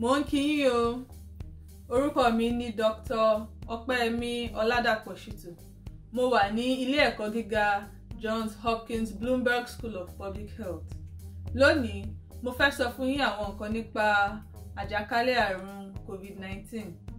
mo ń kí yín o orúkọ mi ni Dr. Ọpẹ́yẹmí Ọládàpọ̀ Ṣìtù mo wà ní ilé ẹ̀kọ́ gíga Johns Hopkins Bloomberg School of Public Health lónìí mo fẹ́ sọ fún yín àwọn nǹkan nípa àjàkálẹ̀ àrùn COVID-19